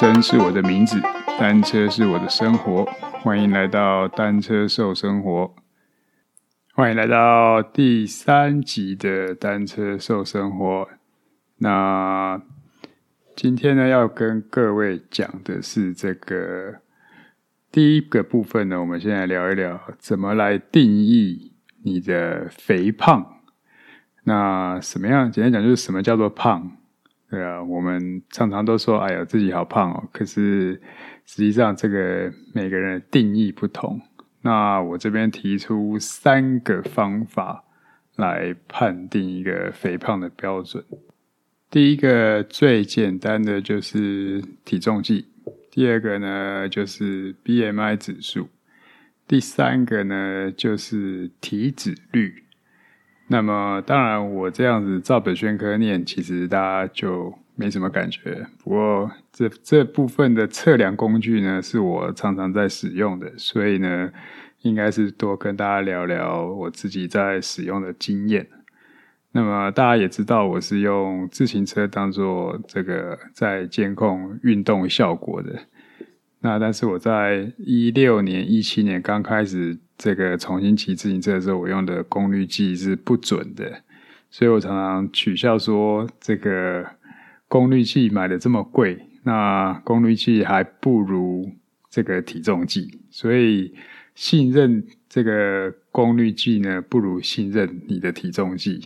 生是我的名字，單車是我的生活。歡迎來到《單車瘦身活》，歡迎來到第三集的《單車瘦身活》那。那今天呢，要跟各位講的是這個第一個部分呢，我們先來聊一聊怎麼來定義你的肥胖。那什麼樣？簡單講，就是什麼叫做胖？對啊，我們常常都說，哎呀，自己好胖哦。可是實際上，這個每個人的定義不同。那我這邊提出三個方法來判定一個肥胖的標準。第一個最簡單的就是體重計，第二個呢就是 BMI 指數，第三個呢就是體脂率。那麼，當然，我這樣子照本宣科念，其實大家就沒什麼感覺。不過這，這這部分的測量工具呢，是我常常在使用的，所以呢，應該是多跟大家聊聊我自己在使用的經驗。那麼，大家也知道，我是用自行車當做這個在監控運動效果的。那但是我在一六年、一七年剛開始。這個重新騎自行車的時候，我用的功率計是不準的，所以我常常取笑說，這個功率計買得這麼貴，那功率計還不如這個體重計。所以信任這個功率計呢，不如信任你的體重計。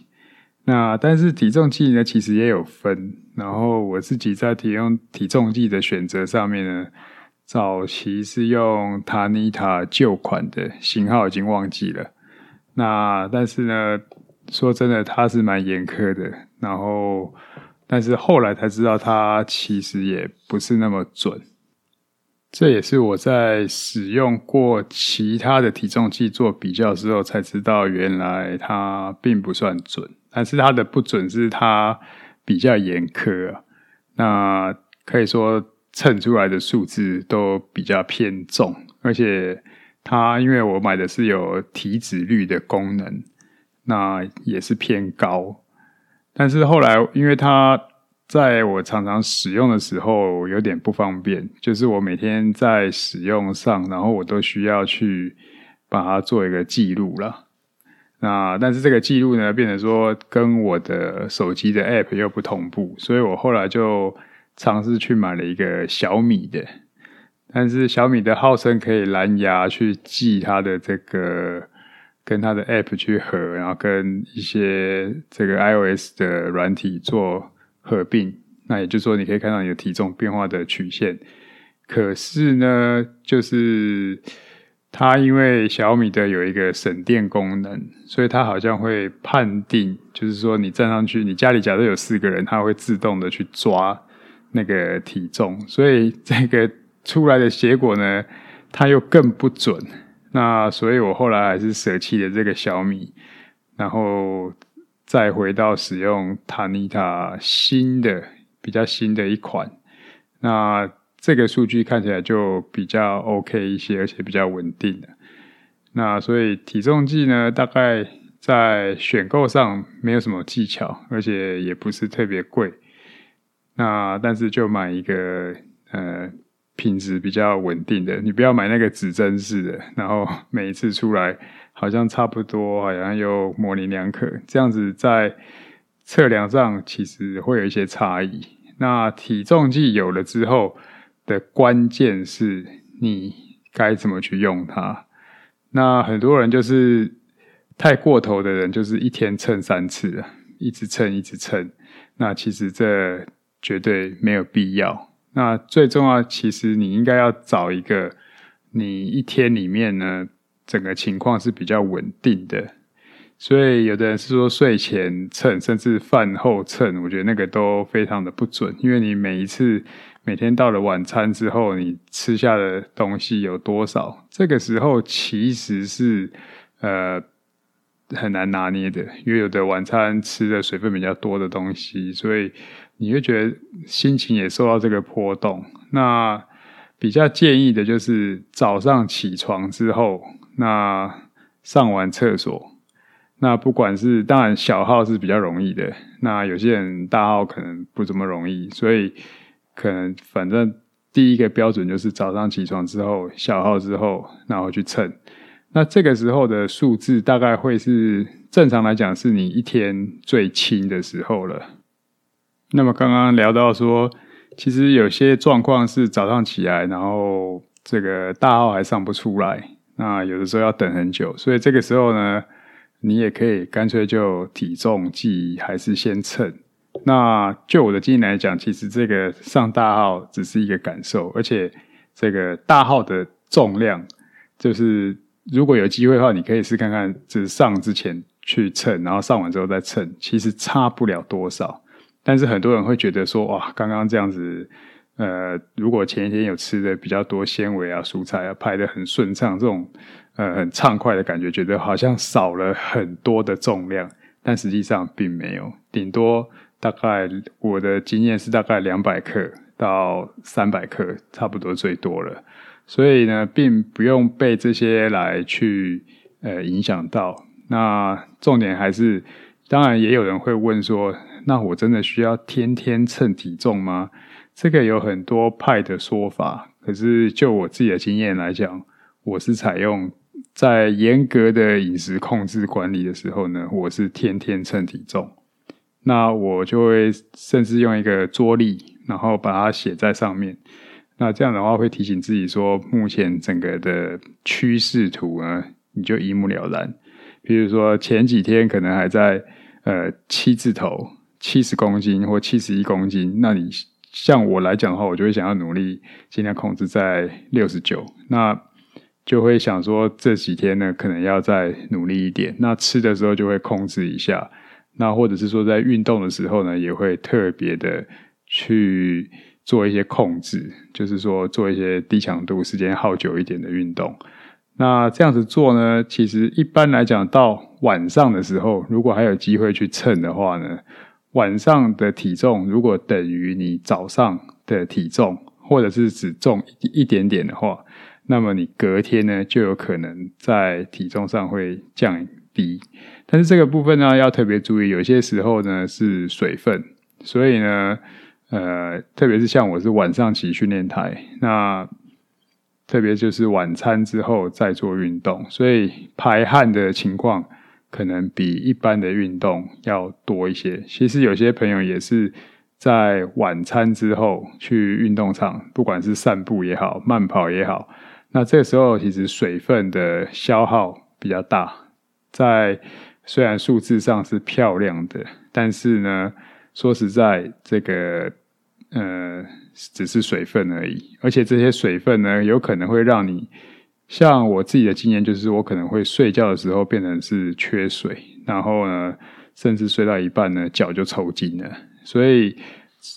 那但是體重計呢，其實也有分。然後我自己在體用體重計的選擇上面呢。早期是用塔尼塔舊款的型號，已經忘記了。那但是呢，說真的，它是蠻嚴苛的。然後，但是後來才知道，它其實也不是那麼準。這也是我在使用過其他的體重計做比較之後，才知道原來它並不算準。但是它的不準是它比較嚴苛啊。那可以說。秤出來的數字都比較偏重，而且它因為我買的是有體脂率的功能，那也是偏高。但是後來，因為它在我常常使用的時候有點不方便，就是我每天在使用上，然後我都需要去把它做一個記錄啦。那但是這個記錄呢，變成說跟我的手機的 App 又不同步，所以我後來就。嘗試去買了一個小米的，但是小米的號稱可以藍牙去記它的這個，跟它的 app 去合，然後跟一些這個 iOS 的軟體做合併。那也就是說，你可以看到你的體重變化的曲線。可是呢，就是它因為小米的有一個省電功能，所以它好像會判定，就是說你站上去，你家裡假設有四個人，它會自動的去抓。那個體重，所以這個出來的結果呢，它又更不準。那所以我後來還是捨棄了這個小米，然後再回到使用 Tanita 新的，比較新的一款。那這個數據看起來就比較 OK 一些，而且比較穩定了。那所以體重計呢，大概在選購上沒有什麼技巧，而且也不是特別貴。那但是就買一個呃品質比較穩定的，你不要買那個指針式的，然後每一次出來好像差不多，好像又模棱兩可，這樣子在測量上其實會有一些差異。那體重計有了之後的關鍵是你該怎麼去用它？那很多人就是太過頭的人，就是一天稱三次，一直稱一直稱。那其實這絕對沒有必要。那最重要，其實你應該要找一個，你一天裡面呢，整個情況是比較穩定的。所以，有的人是說睡前稱，甚至飯後稱，我覺得那個都非常的不準，因為你每一次每天到了晚餐之後，你吃下的東西有多少，這個時候其實是呃很難拿捏的，因為有的晚餐吃的水分比較多的東西，所以。你會覺得心情也受到這個波動。那比較建議的就是早上起床之後，那上完廁所，那不管是當然小號是比較容易的，那有些人大號可能不怎麼容易，所以可能反正第一個標準就是早上起床之後，小號之後，然後去稱，那這個時候的數字大概會是正常來講是你一天最輕的時候了。那麼剛剛聊到說，其實有些狀況是早上起來，然後這個大號還上不出來，那有的時候要等很久，所以這個時候呢，你也可以乾脆就體重計還是先稱。那就我的經驗來講，其實這個上大號只是一個感受，而且這個大號的重量，就是如果有機會的話，你可以試看看，就是上之前去稱，然後上完之後再稱，其實差不了多少。但是很多人會覺得說，哇，剛剛這樣子，呃，如果前一天有吃的比較多纖維啊、蔬菜啊，排的很順暢，這種呃很暢快的感覺，覺得好像少了很多的重量，但實際上並沒有，頂多大概我的經驗是大概兩百克到三百克，差不多最多了，所以呢，並不用被這些來去呃影響到。那重點還是，當然也有人會問說，那我真的需要天天稱體重嗎？這個有很多派的說法。可是就我自己的經驗來講，我是採用在嚴格的飲食控制管理的時候呢，我是天天稱體重。那我就會甚至用一個桌曆，然後把它寫在上面。那這樣的話會提醒自己說，目前整個的趨勢圖呢，你就一目了然。比如說前幾天可能還在呃七字頭。七十公斤或七十一公斤，那你像我來講的話，我就會想要努力，儘量控制在六十九。那就會想說這幾天呢，可能要再努力一點。那吃的時候就會控制一下，那或者是說在運動的時候呢，也會特別的去做一些控制，就是說做一些低強度、時間耗久一點的運動。那這樣子做呢，其實一般來講，到晚上的時候，如果還有機會去秤的話呢。晚上的體重如果等於你早上的體重，或者是只重一一點點的話，那麼你隔天呢就有可能在體重上會降低。但是這個部分呢要特別注意，有些時候呢是水分，所以呢，呃，特別是像我是晚上騎訓練台，那特別就是晚餐之後再做運動，所以排汗的情況。可能比一般的運動要多一些。其實有些朋友也是在晚餐之後去運動場，不管是散步也好，慢跑也好。那這個時候其實水分的消耗比較大，在雖然數字上是漂亮的，但是呢，說實在，這個呃，只是水分而已。而且這些水分呢，有可能會讓你。像我自己的經驗就是，我可能會睡覺的時候變成是缺水，然後呢，甚至睡到一半呢，腳就抽筋了。所以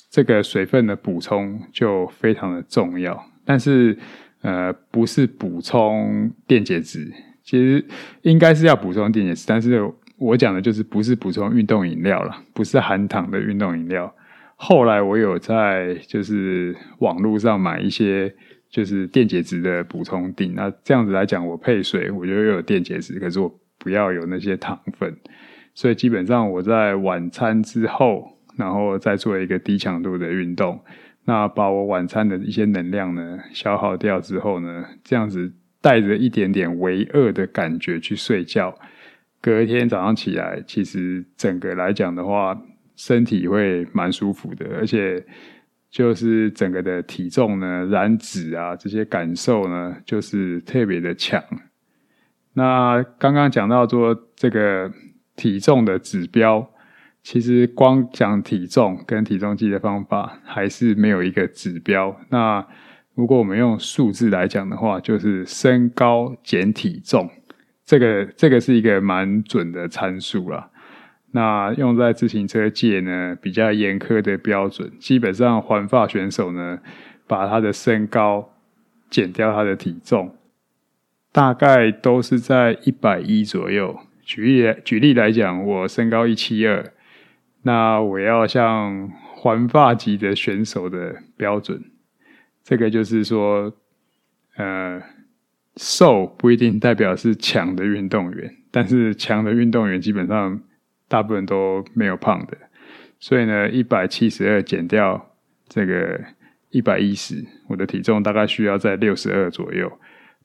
這個水分的補充就非常的重要，但是呃，不是補充電解質，其實應該是要補充電解質。但是我講的就是不是補充運動飲料啦，不是含糖的運動飲料。後來我有在就是網路上買一些。就是電解質的補充錠，那這樣子來講，我配水，我就又有電解質，可是我不要有那些糖分。所以基本上我在晚餐之後，然後再做一個低強度的運動，那把我晚餐的一些能量呢消耗掉之後呢，這樣子帶着一點點微餓的感覺去睡覺。隔一天早上起來，其實整個來講的話，身體會蠻舒服的，而且。就是整個的體重呢，燃脂啊，這些感受呢，就是特別的強。那剛剛講到說這個體重的指標，其實光講體重跟體重計的方法還是沒有一個指標。那如果我們用數字來講的話，就是身高減體重，這個這個是一個蠻準的參數啦。那用在自行車界呢，比較嚴苛的標準，基本上環法選手呢，把他的身高減掉他的體重，大概都是在一百一左右。舉例舉例來講，我身高一七二，那我要像環法級的選手的標準，這個就是說，呃，瘦不一定代表是強的運動員，但是強的運動員基本上，大部分都沒有胖的，所以呢，一百七十二減掉這個一百一十，我的體重大概需要在六十二左右。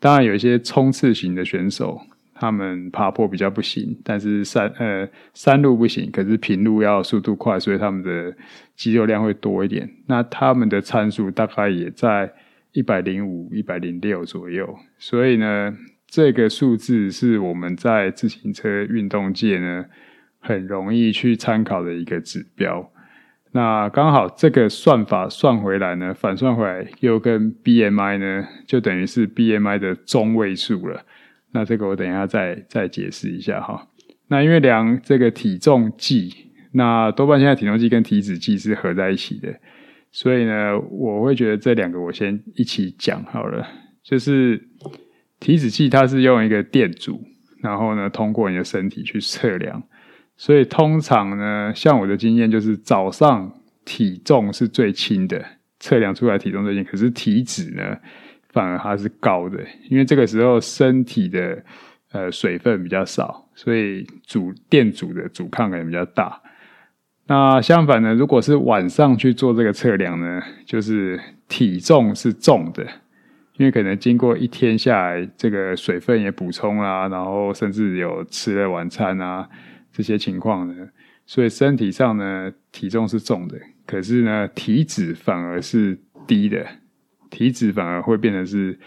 當然，有一些衝刺型的選手，他們爬坡比較不行，但是山，呃，山路不行，可是平路要速度快，所以他們的肌肉量會多一點。那他們的參數大概也在一百零五、一百零六左右。所以呢，這個數字是我們在自行車運動界呢。很容易去參考的一個指標。那剛好這個算法算回來呢，反算回來又跟 BMI 呢，就等於是 BMI 的中位數了。那這個我等一下再再解釋一下哈。那因為量這個體重計，那多半現在體重計跟體脂計是合在一起的，所以呢，我會覺得這兩個我先一起講好了。就是體脂計它是用一個電阻，然後呢，通過你的身體去測量。所以通常呢，像我的經驗就是，早上體重是最輕的，測量出來體重最輕，可是體脂呢，反而它是高的，因為這個時候身體的呃水分比較少，所以阻電阻的阻抗可能比較大。那相反呢，如果是晚上去做這個測量呢，就是體重是重的，因為可能經過一天下來，這個水分也補充啦、啊，然後甚至有吃了晚餐啊。這些情況呢，所以身體上呢，體重是重的，可是呢，體脂反而是低的，體脂反而會變得是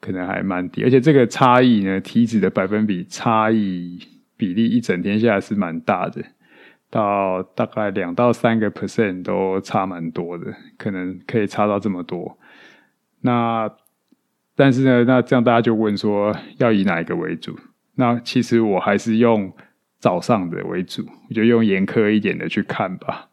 可能還蠻低，而且這個差異呢，體脂的百分比差異比例一整天下來是蠻大的，到大概兩到三個 percent 都差蠻多的，可能可以差到這麼多。那但是呢，那這樣大家就問說要以哪一個為主？那其實我還是用。早上的為主，我就用嚴苛一點的去看吧。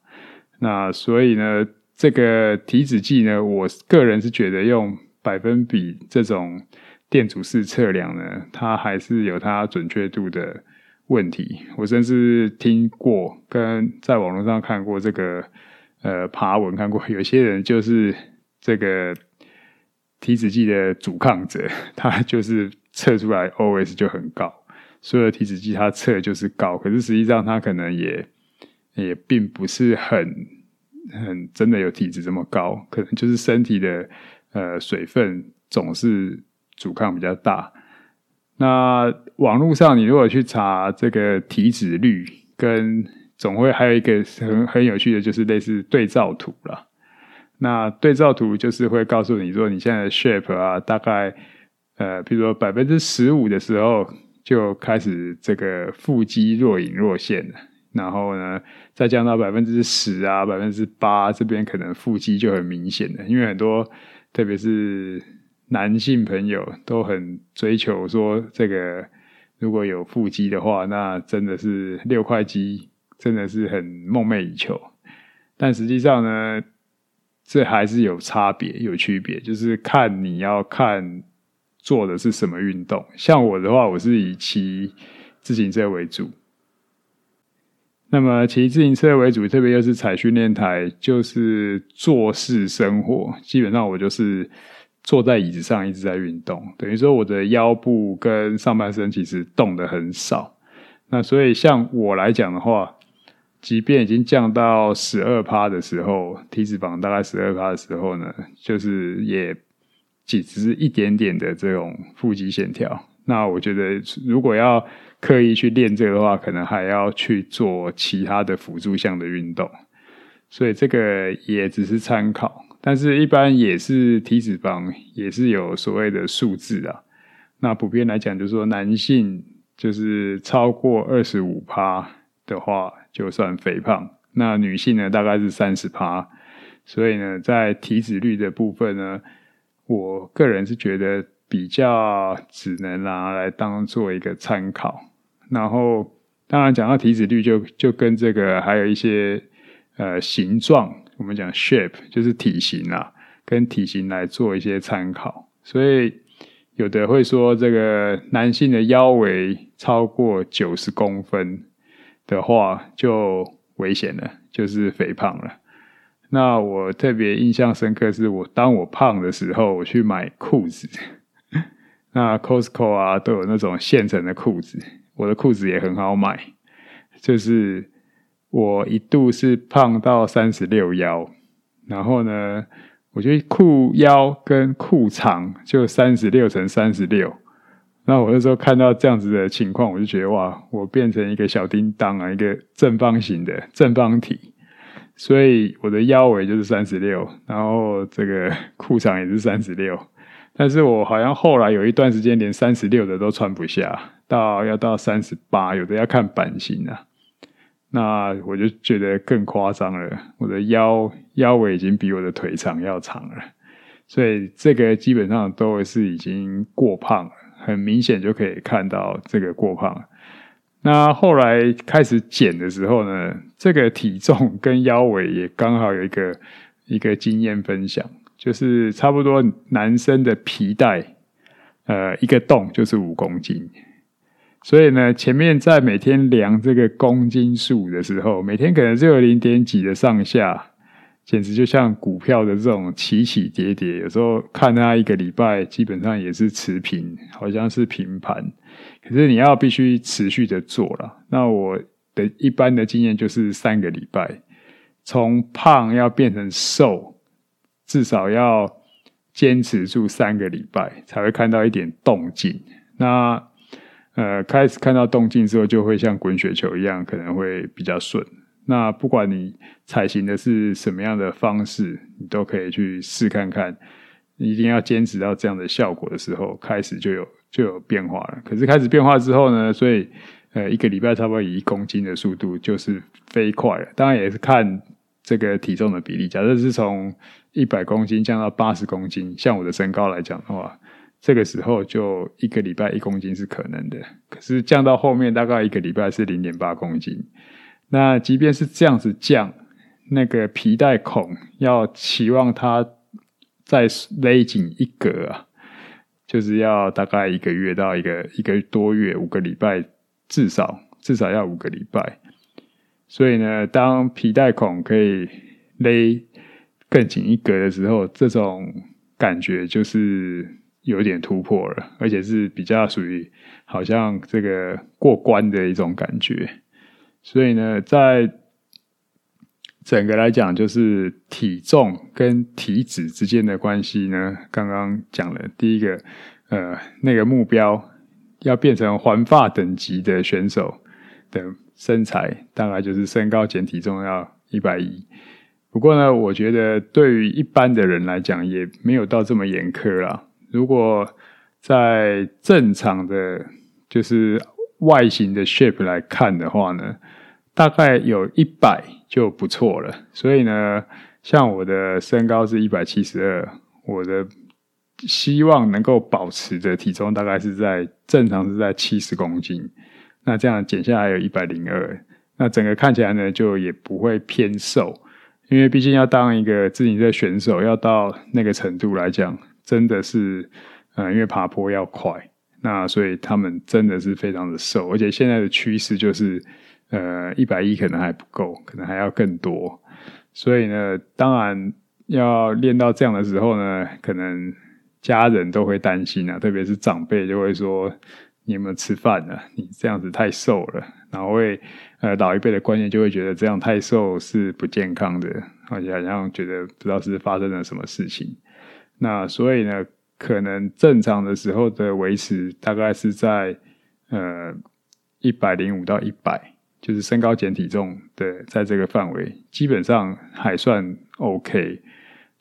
那所以呢，這個體脂計呢，我個人是覺得用百分比這種電阻式測量呢，它還是有它準確度的問題。我甚至聽過，跟在網絡上看過這個呃爬文，看過有些人就是這個體脂計的阻抗者，他就是測出來 OS 就很高。所有的體脂計，它測就是高，可是實際上它可能也也並不是很很真的有體脂這麼高，可能就是身體的呃水分總是阻抗比較大。那網絡上你如果去查這個體脂率，跟總會還有一個很很有趣的就是類似對照圖啦。那對照圖就是會告訴你說，你現在的 shape 啊，大概呃，譬如說百分之十五的時候。就開始這個腹肌若隱若現了，然後呢，再降到百分之十啊，百分之八，這邊可能腹肌就很明顯了，因為很多，特別是男性朋友，都很追求說，這個如果有腹肌的話，那真的是六塊肌，真的是很夢寐以求。但實際上呢，這還是有差別，有區別，就是看你要看，做的是什麼運動？像我的話，我是以騎自行車為主。那麼騎自行車為主，特別又是踩訓練台，就是坐式生活。基本上我就是坐在椅子上一直在運動，等於說我的腰部跟上半身其實動的很少。那所以像我來講的話，即便已經降到十二趴的時候，體脂肪大概十二趴的時候呢，就是也。幾只是一點點的這種腹肌線條，那我覺得如果要刻意去練這個的話，可能還要去做其他的輔助項的運動。所以這個也只是參考，但是一般也是體脂肪也是有所謂的數字啊。那普遍來講，就是說男性就是超過二十五趴的話就算肥胖，那女性呢，大概是三十趴。所以呢，在體脂率的部分呢，我個人是覺得比較只能拿來當做一個參考，然後當然講到體脂率就就跟這個還有一些呃形狀，我們講 shape 就是體型啊，跟體型來做一些參考。所以有的會說，這個男性的腰圍超過九十公分的話就危險了，就是肥胖了。那我特別印象深刻，是我當我胖的時候，我去買褲子。那 Costco 啊，都有那種現成的褲子，我的褲子也很好買。就是我一度是胖到三十六腰，然後呢，我覺得褲腰跟褲長就三十六乘三十六。那我那時候看到這樣子的情況，我就覺得哇，我變成一個小叮噹啊，一個正方形的正方體。所以我的腰圍就是三十六，然後這個褲長也是三十六，但是我好像後來有一段時間連三十六的都穿不下，到要到三十八，有的要看版型啊。那我就覺得更誇張了，我的腰腰圍已經比我的腿長要長了，所以這個基本上都是已經過胖了，很明顯就可以看到這個過胖了。那後來開始減的時候呢，這個體重跟腰圍也剛好有一個一個經驗分享，就是差不多男生的皮帶，呃，一個洞就是五公斤。所以呢，前面在每天量這個公斤數的時候，每天可能只有零點幾的上下，簡直就像股票的這種起起跌跌。有時候看他一個禮拜，基本上也是持平，好像是平盤。可是你要必須持續的做了。那我的一般的經驗就是三個禮拜，從胖要變成瘦，至少要堅持住三個禮拜才會看到一點動靜。那呃，開始看到動靜之後，就會像滾雪球一樣，可能會比較順。那不管你採行的是什麼樣的方式，你都可以去試看看。你一定要堅持到這樣的效果的時候，開始就有。就有變化了，可是開始變化之後呢，所以，呃，一個禮拜差不多以一公斤的速度就是飛快了。當然也是看這個體重的比例。假設是從一百公斤降到八十公斤，像我的身高來講的話，這個時候就一個禮拜一公斤是可能的。可是降到後面，大概一個禮拜是零點八公斤。那即便是這樣子降，那個皮帶孔要期望它再勒緊一格啊。就是要大概一個月到一個一個多月，五個禮拜，至少至少要五個禮拜。所以呢，當皮帶孔可以勒更緊一格的時候，這種感覺就是有點突破了，而且是比較屬於好像這個過關的一種感覺。所以呢，在整個來講，就是體重跟體脂之間的關係呢。剛剛講了第一個，呃，那個目標要變成環法等級的選手的身材，大概就是身高減體重要一百一。不過呢，我覺得對於一般的人來講，也沒有到這麼嚴苛啦，如果在正常的，就是外形的 shape 來看的話呢，大概有一百。就不錯了，所以呢，像我的身高是一百七十二，我的希望能夠保持着體重，大概是在正常是在七十公斤，那這樣減下來有一百零二，那整個看起來呢，就也不會偏瘦，因為畢竟要當一個自行車選手，要到那個程度來講，真的是，嗯、呃，因為爬坡要快，那所以他們真的是非常的瘦，而且現在的趨勢就是。呃，一百一可能還不夠，可能還要更多。所以呢，當然要練到這樣的時候呢，可能家人都會擔心啊，特別是長輩就會說：“你有沒有吃飯啊，你這樣子太瘦了。”然後會呃老一輩的觀念就會覺得這樣太瘦是不健康的，而且好像覺得不知道是發生了什麼事情。那所以呢，可能正常的時候的維持大概是在呃一百零五到一百。就是身高減體重，對，在這個範圍基本上還算 OK，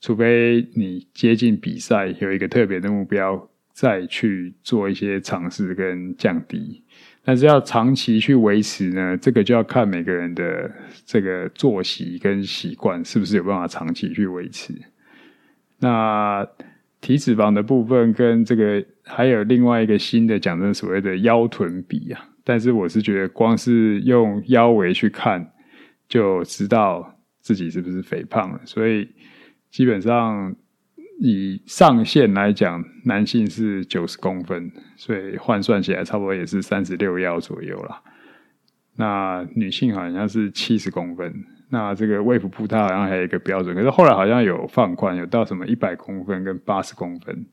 除非你接近比賽有一個特別的目標，再去做一些嘗試跟降低。但是要長期去維持呢，這個就要看每個人的這個作息跟習慣是不是有辦法長期去維持。那體脂肪的部分跟這個還有另外一個新的，講的所謂的腰臀比啊。但是我是覺得，光是用腰圍去看就知道自己是不是肥胖了。所以基本上以上限來講，男性是九十公分，所以換算起來差不多也是三十六腰左右啦。那女性好像是七十公分，那這個衛福部它好像還有一個標準，可是後來好像有放寬，有到什麼一百公分跟八十公分。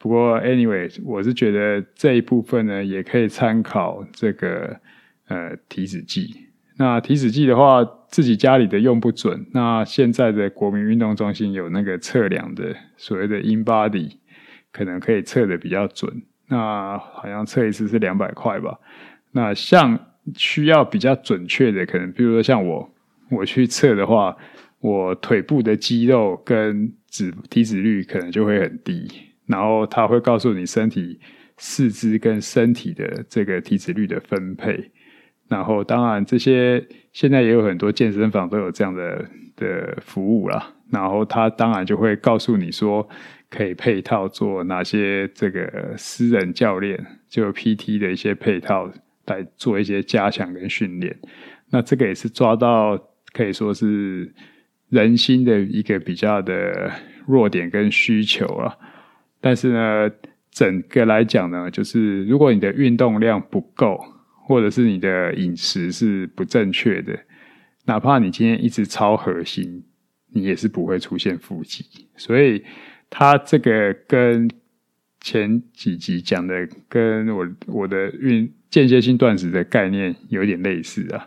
不過，anyway，我是覺得這一部分呢，也可以參考這個呃體脂計。那體脂計的話，自己家裡的用不準。那現在的國民運動中心有那個測量的所謂的 in body，可能可以測得比較準。那好像測一次是兩百塊吧。那像需要比較準確的，可能比如說像我，我去測的話，我腿部的肌肉跟脂體脂率可能就會很低。然後他會告訴你身體、四肢跟身體的這個體脂率的分配。然後當然這些現在也有很多健身房都有這樣的的服務啦。然後他當然就會告訴你說，可以配套做哪些這個私人教練，就 PT 的一些配套來做一些加強跟訓練。那這個也是抓到可以說是人心的一個比較的弱點跟需求了。但是呢，整個來講呢，就是如果你的運動量不夠，或者是你的飲食是不正確的，哪怕你今天一直超核心，你也是不會出現腹肌。所以，它這個跟前幾集講的跟我我的運間歇性斷食的概念有點類似啊。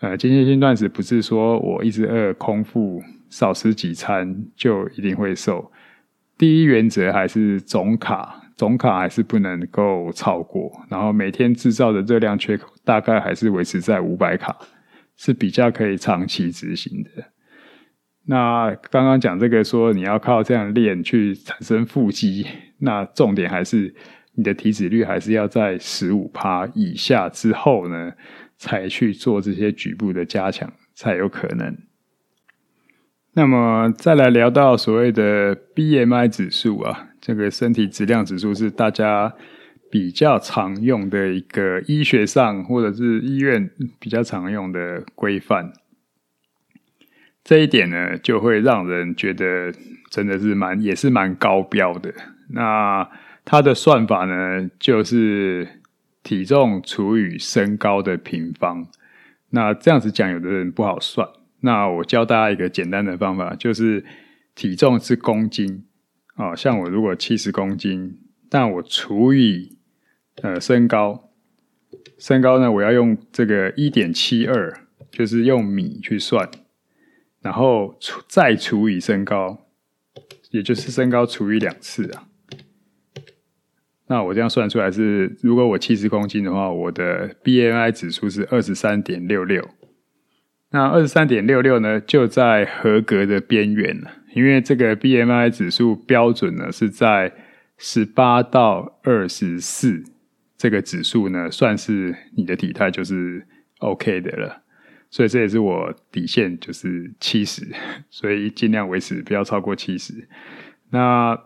呃，間歇性斷食不是說我一直餓空腹少吃幾餐就一定會瘦。第一原則還是總卡，總卡還是不能夠超過。然後每天製造的熱量缺口大概還是維持在五百卡，是比較可以長期執行的。那剛剛講這個說你要靠這樣練去產生腹肌，那重點還是你的體脂率還是要在十五趴以下之後呢，才去做這些局部的加強，才有可能。那麼再來聊到所謂的 BMI 指數啊，這個身體質量指數是大家比較常用的一個醫學上或者是醫院比較常用的規範。這一點呢，就會讓人覺得真的是蠻，也是蠻高標的。那它的算法呢，就是體重除以身高的平方。那這樣子講，有的人不好算。那我教大家一個簡單的方法，就是體重是公斤啊，像我如果七十公斤，那我除以呃身高，身高呢我要用這個一點七二，就是用米去算，然後除再除以身高，也就是身高除以兩次啊。那我這樣算出來是，如果我七十公斤的話，我的 BMI 指數是二十三點六六。那二十三點六六呢，就在合格的邊緣了。因為這個 BMI 指數標準呢，是在十八到二十四，這個指數呢，算是你的體態，就是 OK 的了。所以這也是我底線，就是七十，所以盡量維持不要超過七十。那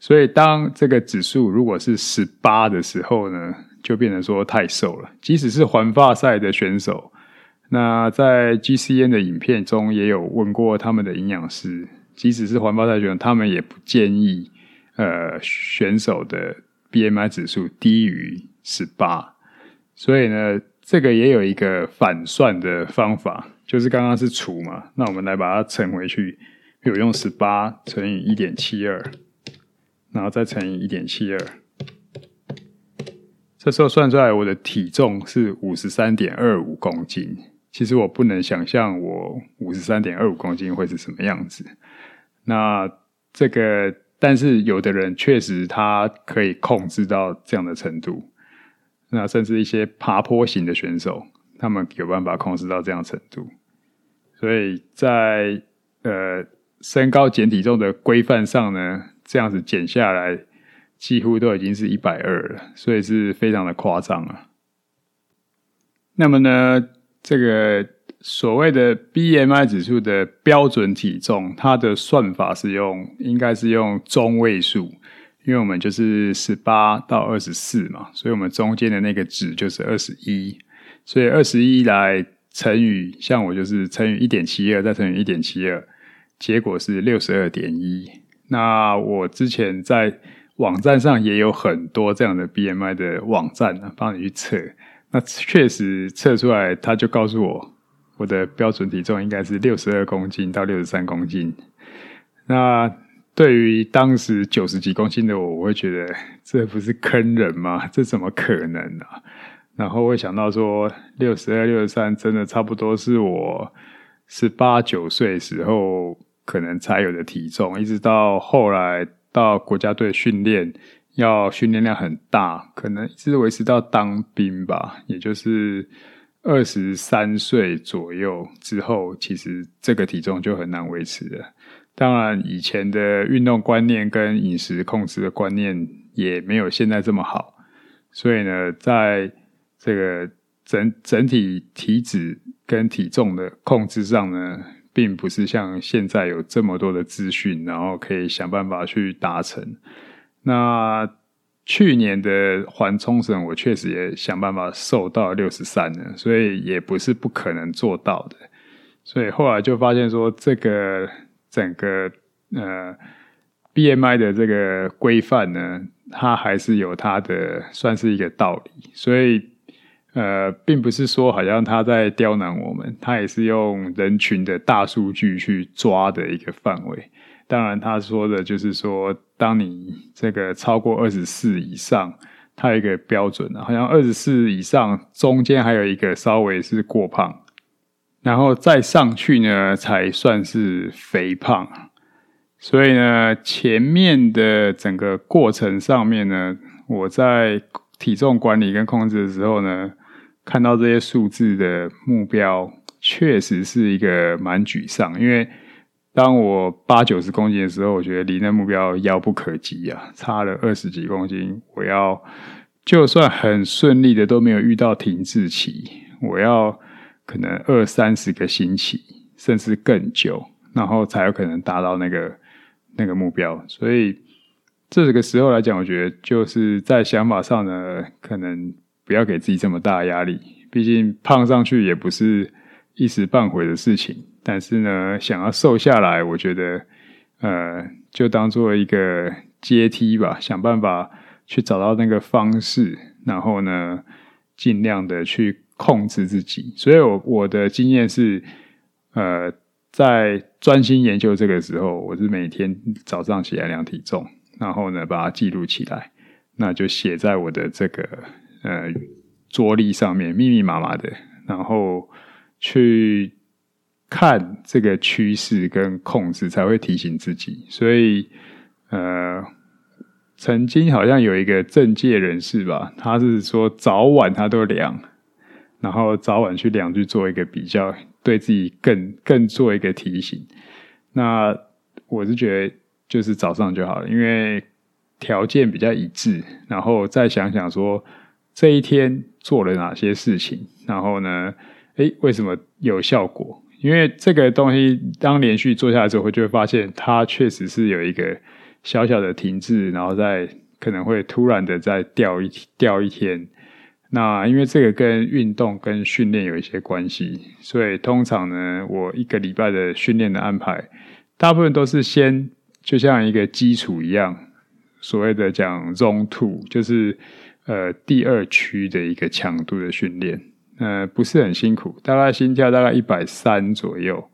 所以當這個指數如果是十八的時候呢，就變成說太瘦了。即使是環法賽的選手。那在 G C N 的影片中也有問過他們的營養師，即使是環保賽選手，他們也不建議，呃，選手的 B M I 指數低於十八。所以呢，這個也有一個反算的方法，就是剛剛是除嘛，那我們來把它乘回去，有用十八乘以一點七二，然後再乘以一點七二，這時候算出來我的體重是五十三點二五公斤。其實我不能想象我五十三點二五公斤會是什麼樣子。那這個，但是有的人確實他可以控制到這樣的程度。那甚至一些爬坡型的選手，他們有辦法控制到這樣程度。所以在呃身高減體重的規範上呢，這樣子減下來幾乎都已經是一百二了，所以是非常的誇張啊。那麼呢？這個所謂的 BMI 指數的標準體重，它的算法是用，應該是用中位數，因為我們就是十八到二十四嘛，所以我們中間的那個值就是二十一，所以二十一來乘以，像我就是乘以一點七二，再乘以一點七二，結果是六十二點一。那我之前在網站上也有很多這樣的 BMI 的網站，幫你去測。那確實測出來，他就告訴我，我的標準體重應該是六十二公斤到六十三公斤。那對於當時九十幾公斤的我，我會覺得這不是坑人嗎？這怎麼可能呢、啊？然後會想到說，六十二、六十三，真的差不多是我十八九歲時候可能才有的體重，一直到後來到國家隊訓練。要訓練量很大，可能一直維持到當兵吧，也就是二十三歲左右之後，其實這個體重就很難維持了。當然，以前的運動觀念跟飲食控制的觀念也沒有現在這麼好，所以呢，在這個整整體體脂跟體重的控制上呢，並不是像現在有這麼多的資訊，然後可以想辦法去達成。那去年的緩沖繩我確實也想辦法瘦到六十三了，所以也不是不可能做到的。所以後來就發現說，這個整個呃 BMI 的這個規範呢，它還是有它的算是一個道理。所以呃，並不是說好像他在刁難我們，他也是用人群的大數據去抓的一個範圍。當然，他說的就是說，當你這個超過二十四以上，它有一個標準，好像二十四以上中間還有一個稍微是過胖，然後再上去呢才算是肥胖。所以呢，前面的整個過程上面呢，我在體重管理跟控制的時候呢，看到這些數字的目標，確實是一個蠻沮喪，因為。當我八九十公斤的時候，我覺得離那目標遙不可及啊，差了二十幾公斤。我要就算很順利的都沒有遇到停滯期，我要可能二三十個星期，甚至更久，然後才有可能達到那個那個目標。所以這個時候來講，我覺得就是在想法上呢，可能不要給自己這麼大的壓力。畢竟胖上去也不是一時半會的事情。但是呢，想要瘦下來，我覺得，呃，就當做一個階梯吧，想辦法去找到那個方式，然後呢，盡量的去控制自己。所以我，我我的經驗是，呃，在專心研究這個時候，我是每天早上起來量體重，然後呢，把它記錄起來，那就寫在我的這個呃桌曆上面，密密麻麻的，然後去看這個趨勢跟控制，才會提醒自己。所以，呃，曾經好像有一個政界人士吧，他是說早晚他都量，然後早晚去量，去做一個比較，對自己更更做一個提醒。那我是覺得就是早上就好了，因為條件比較一致，然後再想想說這一天做了哪些事情，然後呢，誒，為什麼有效果？因為這個東西當連續做下來之後，我就會發現它確實是有一個小小的停滯，然後再可能會突然的再掉一掉一天。那因為這個跟運動跟訓練有一些關係，所以通常呢，我一個禮拜的訓練的安排，大部分都是先就像一個基礎一樣，所謂的講 Zone Two，就是呃第二區的一個強度的訓練。呃，不是很辛苦，大概心跳大概一百三左右，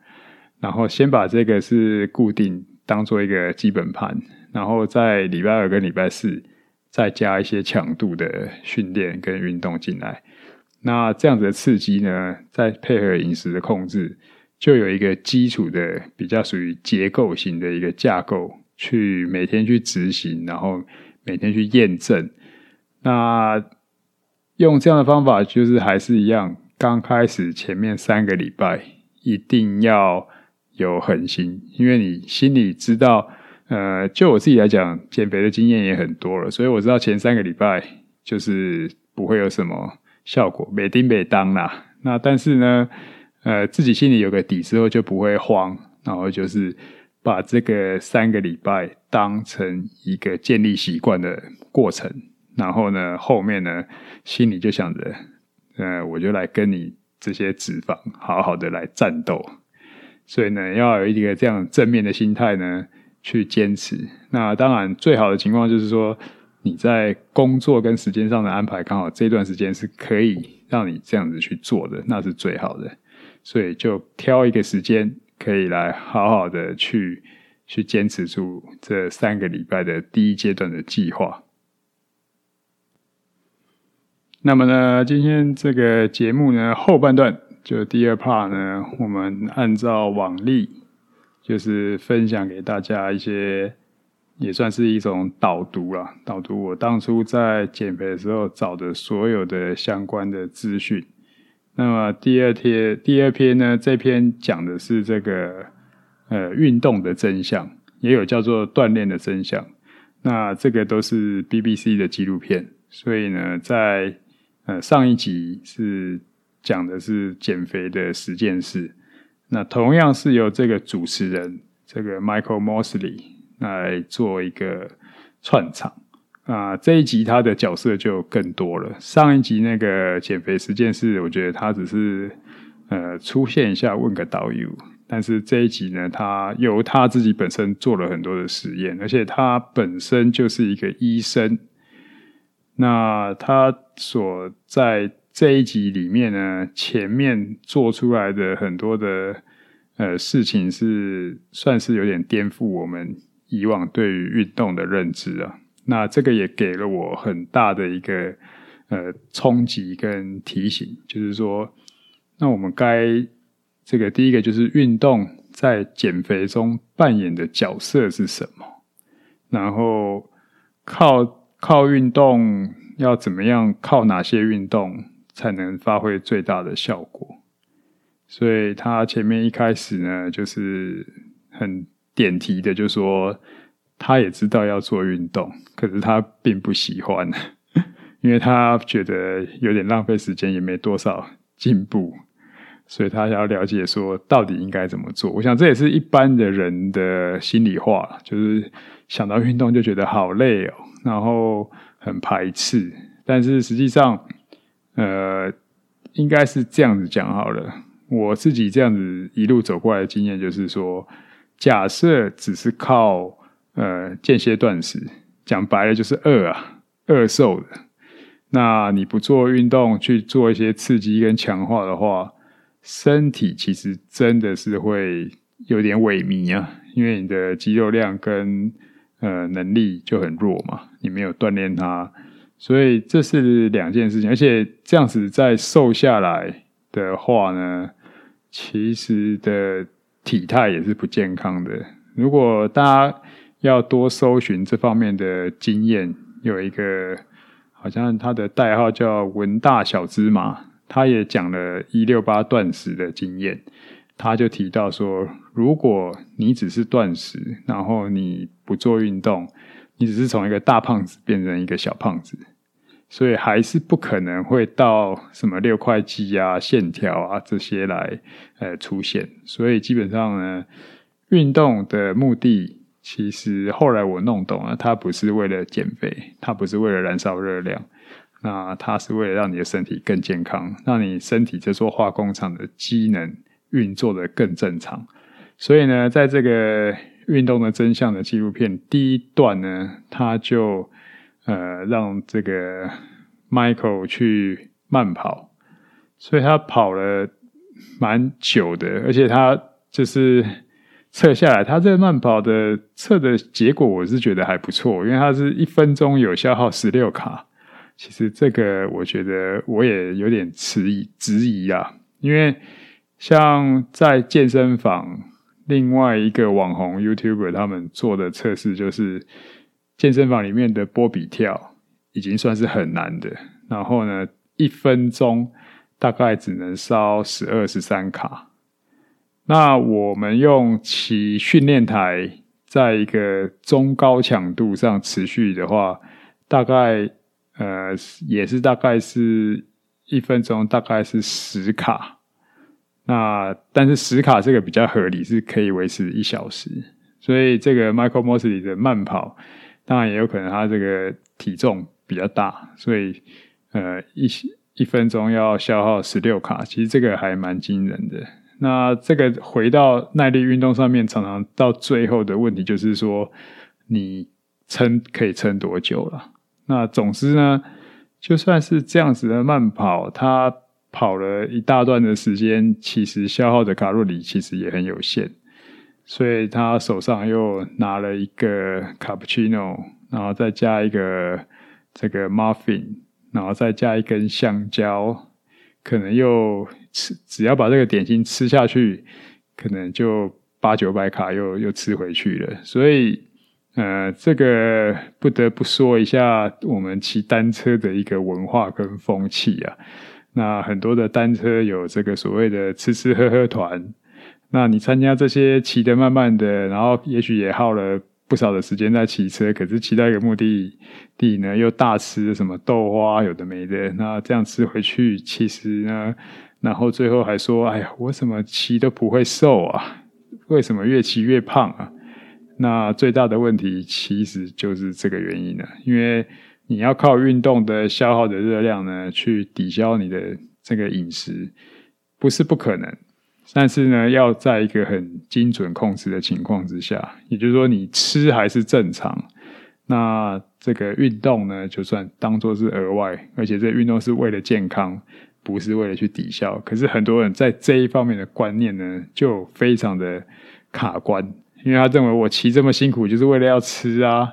然後先把這個是固定當做一個基本盤，然後在禮拜二跟禮拜四再加一些強度的訓練跟運動進來，那這樣子的刺激呢，再配合飲食的控制，就有一個基礎的比較屬於結構型的一個架構，去每天去執行，然後每天去驗證，那。用這樣的方法，就是還是一樣。剛開始前面三個禮拜，一定要有恆心，因為你心裡知道，呃，就我自己來講，減肥的經驗也很多了，所以我知道前三個禮拜就是不會有什麼效果，沒丁沒當啦。那但是呢，呃，自己心裡有個底之後，就不會慌，然後就是把這個三個禮拜當成一個建立習慣的過程。然後呢，後面呢，心裡就想着，呃，我就來跟你這些脂肪好好的來戰鬥。所以呢，要有一個這樣正面的心態呢，去堅持。那當然，最好的情況就是說，你在工作跟時間上的安排剛好這段時間是可以讓你這樣子去做的，那是最好的。所以就挑一個時間，可以來好好的去去堅持住這三個禮拜的第一階段的計劃。那麼呢，今天這個節目呢，後半段，就第二 part 呢，我們按照往例，就是分享給大家一些，也算是一種導讀啦，導讀我當初在減肥的時候找的所有的相關的資訊。那麼第二篇，第二篇呢，這篇講的是這個呃運動的真相，也有叫做鍛煉的真相。那這個都是 BBC 的紀錄片，所以呢，在呃，上一集是講的是減肥的十件事，那同樣是由這個主持人這個 Michael Mosley 來做一個串場啊、呃。這一集他的角色就更多了。上一集那個減肥十件事，我覺得他只是呃出現一下問個導遊，但是這一集呢，他由他自己本身做了很多的實驗，而且他本身就是一個醫生，那他。所以在這一集裡面呢，前面做出來的很多的呃事情，是算是有點顛覆我們以往對於運動的認知啊。那這個也給了我很大的一個呃衝擊跟提醒，就是說，那我們該這個第一個就是運動在減肥中扮演的角色是什麼？然後靠靠運動。要怎麼樣靠哪些運動才能發揮最大的效果？所以他前面一開始呢，就是很點題的，就說他也知道要做運動，可是他並不喜歡，因為他覺得有點浪費時間，也沒多少進步，所以他要了解說到底應該怎麼做。我想這也是一般的人的心裡話，就是想到運動就覺得好累哦，然後。很排斥，但是實際上，呃，應該是這樣子講好了。我自己這樣子一路走過來的經驗就是說，假設只是靠呃間歇斷食，講白了就是餓啊，餓瘦的。那你不做運動去做一些刺激跟強化的話，身體其實真的是會有點萎靡啊，因為你的肌肉量跟。呃，能力就很弱嘛，你沒有鍛鍊它，所以這是兩件事情。而且這樣子再瘦下來的話呢，其實的體態也是不健康的。如果大家要多搜尋這方面的經驗，有一個好像他的代號叫文大小芝麻，他也講了一六八斷食的經驗，他就提到說。如果你只是斷食，然後你不做運動，你只是從一個大胖子變成一個小胖子，所以還是不可能會到什麼六塊肌啊、線條啊這些來呃出現。所以基本上呢，運動的目的其實後來我弄懂了，它不是為了減肥，它不是為了燃燒熱量，那它是為了讓你的身體更健康，讓你身體這座化工廠的機能運作得更正常。所以呢，在這個運動的真相的紀錄片第一段呢，他就呃讓這個 Michael 去慢跑，所以他跑了蠻久的，而且他就是測下來，他這個慢跑的測的結果，我是覺得還不錯，因為他是一分鐘有消耗十六卡。其實這個我覺得我也有點遲疑，質疑啊，因為像在健身房。另外一個網紅 YouTuber 他們做的測試，就是健身房裡面的波比跳已經算是很難的。然後呢，一分鐘大概只能燒十二十三卡。那我們用騎訓練台，在一個中高強度上持續的話，大概呃也是大概是一分鐘大概是十卡。那但是十卡這個比較合理，是可以維持一小時。所以這個 Michael Mosley 的慢跑，當然也有可能他這個體重比較大，所以呃一一分鐘要消耗十六卡，其實這個還蠻驚人的。那這個回到耐力運動上面，常常到最後的問題就是說你撐可以撐多久了？那總之呢，就算是這樣子的慢跑，它。跑了一大段的時間，其實消耗的卡路里其實也很有限，所以他手上又拿了一個卡布奇諾，然後再加一個這個 muffin，然後再加一根香蕉，可能又吃，只要把這個點心吃下去，可能就八九百卡又又吃回去了。所以，呃，這個不得不說一下我們騎單車的一個文化跟風氣啊。那很多的單車有這個所謂的吃吃喝喝團，那你參加這些騎得慢慢的，然後也許也耗了不少的時間在騎車，可是騎到一個目的地呢，又大吃什麼豆花，有的沒的，那這樣吃回去，其實呢，然後最後還說，哎呀，我怎麼騎都不會瘦啊？為什麼越騎越胖啊？那最大的問題其實就是這個原因呢，因為。你要靠運動的消耗的熱量呢，去抵消你的這個飲食，不是不可能，但是呢，要在一個很精準控制的情況之下，也就是說，你吃還是正常，那這個運動呢，就算當做是額外，而且這運動是為了健康，不是為了去抵消。可是很多人在這一方面的觀念呢，就非常的卡關，因為他認為我騎這麼辛苦，就是為了要吃啊。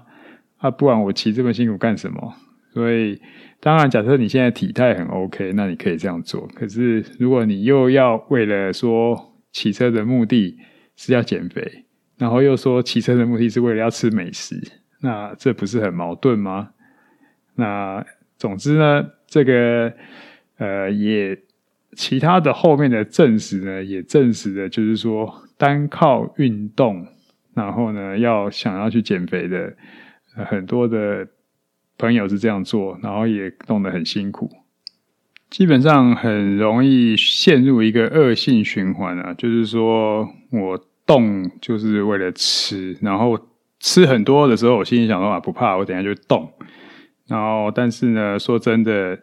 啊，不然我騎這麼辛苦幹什麼？所以當然，假設你現在體態很 OK，那你可以這樣做。可是如果你又要為了說騎車的目的是要減肥，然後又說騎車的目的是為了要吃美食，那這不是很矛盾嗎？那總之呢，這個呃也其他的後面的證實呢，也證實了，就是說單靠運動，然後呢要想要去減肥的。很多的朋友是這樣做，然後也動得很辛苦，基本上很容易陷入一個惡性循環啊。就是說我動就是為了吃，然後吃很多的時候，我心裡想說啊，不怕，我等下就動。然後，但是呢，說真的，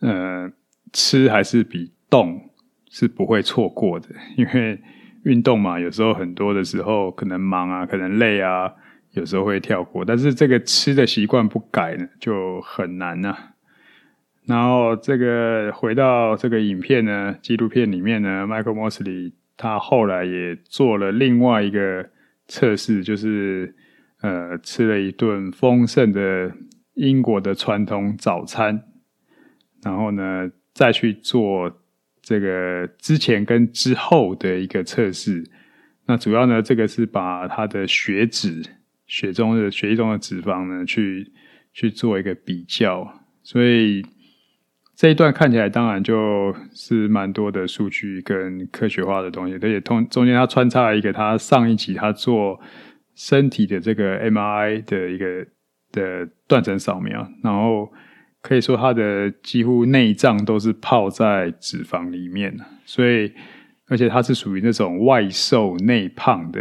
呃，吃還是比動是不會錯過的，因為運動嘛，有時候很多的時候可能忙啊，可能累啊。有時候會跳過，但是這個吃的習慣不改呢，就很難吶啊。然後這個回到這個影片呢，紀錄片裡面呢，Michael Mosley 他後來也做了另外一個測試，就是呃吃了一頓豐盛的英國的傳統早餐，然後呢再去做這個之前跟之後的一個測試。那主要呢，這個是把他的血脂。血中的血液中的脂肪呢，去去做一個比較，所以這一段看起來當然就是蠻多的數據跟科學化的東西。而且通中間他穿插了一個他上一集他做身體的這個 MRI 的一個的斷層掃描，然後可以說他的幾乎內臟都是泡在脂肪裡面，所以而且他是屬於那種外瘦內胖的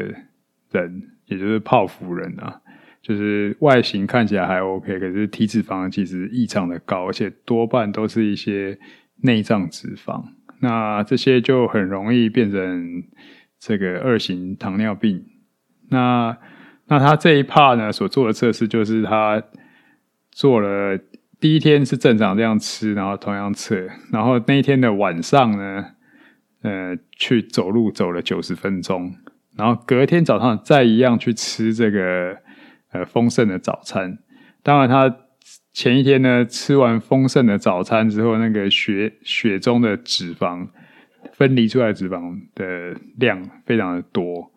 人。也就是泡芙人啊，就是外形看起來還 OK，可是體脂肪其實異常的高，而且多半都是一些內臟脂肪。那這些就很容易變成這個二型糖尿病。那那他這一 part 呢，所做的測試，就是他做了第一天是正常這樣吃，然後同樣測，然後那一天的晚上呢，呃，去走路走了九十分鐘。然後隔天早上再一樣去吃這個呃豐盛的早餐。當然，他前一天呢吃完豐盛的早餐之後，那個血血中的脂肪分離出來的脂肪的量非常的多。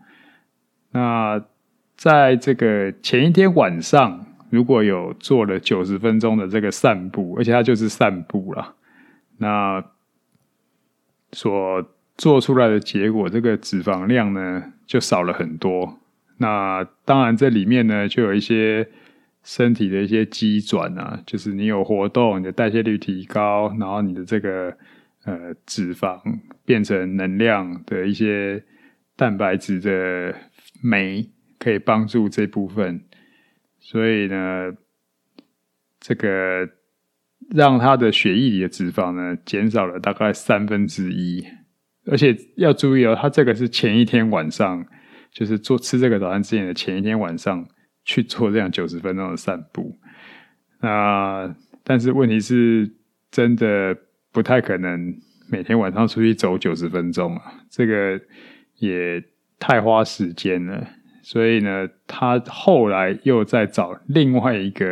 那在這個前一天晚上，如果有做了九十分鐘的這個散步，而且他就是散步了，那所。做出來的結果，這個脂肪量呢就少了很多。那當然，這裡面呢就有一些身體的一些機轉啊，就是你有活動，你的代謝率提高，然後你的這個呃脂肪變成能量的一些蛋白質的酶，可以幫助這部分。所以呢，這個讓他的血液裡的脂肪呢減少了大概三分之一。而且要注意哦，他這個是前一天晚上，就是做吃這個早餐之前的前一天晚上去做這樣九十分鐘的散步。那但是問題是，真的不太可能每天晚上出去走九十分鐘啊，這個也太花時間了。所以呢，他後來又在找另外一個